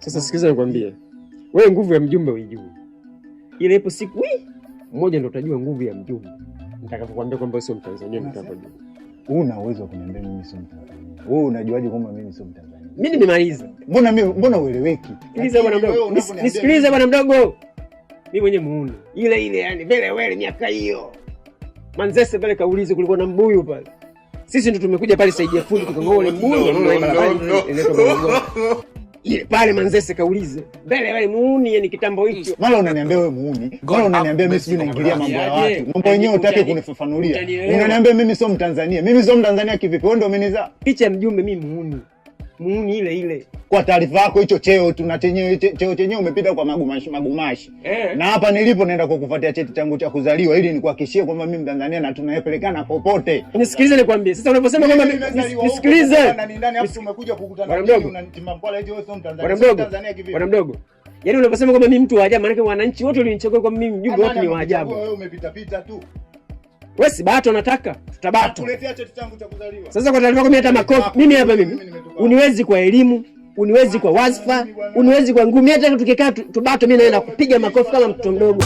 Sasa sikiza nikwambie, wewe nguvu ya mjumbe uijui, ile ipo siku mmoja ndio utajua nguvu ya mjumbe nitakavyokuambia kwamba sio Mtanzania. Mtanzania una uwezo wa kuniambia mimi sio Mtanzania? Wewe unajuaje kwamba mimi sio Mtanzania? Mimi nimemaliza. Mbona mimi mbona ueleweki? Nisikilize bwana mdogo, mimi mwenyewe muuni ile ile, yani vile wewe miaka hiyo Manzese pale kaulize, kulikuwa na mbuyu pale. Sisi ndio tumekuja pale, saidia fundi tukangoa ule mbuyu ile pale Manzese kaulize mbele, wewe muuni yani kitambo hicho. Wala unaniambia wewe muuni, wala ah, unaniambia mimi sijui naingilia mambo ya watu, mambo yaani yenyewe utake kunifafanulia. Unaniambia mimi sio Mtanzania, mimi sio Mtanzania kivipi? Wewe ndio umenizaa picha ya mjumbe, mimi muuni muni ile ile. Kwa taarifa yako, hicho cheo tuna chenyewe, cheo chenyewe umepita kwa magumashi magumashi eh. Na hapa nilipo naenda kwa kufuatia cheti changu cha kuzaliwa ili nikuhakishie kwamba mimi Mtanzania na tunayepelekana popote. Nisikilize nikwambie, sasa unaposema kwamba nisikilize, Bwana mdogo Yaani unaposema kwamba mimi mtu wa ajabu, maana wananchi wote walinichagua kwa mimi mjumbe wote ni wa ajabu. Wewe umepita pita tu. Wewe si bato nataka, tutabatu. Nakuletea cheti changu cha kuzaliwa. Sasa kwa taarifa kwa mimi hata makofi. Mimi hapa mimi. mimi uniwezi kwa elimu, uniwezi kwa wasfa, uniwezi kwa ngumi. Hata tukikaa tubato, mimi naenda kupiga makofi kama mtoto mdogo.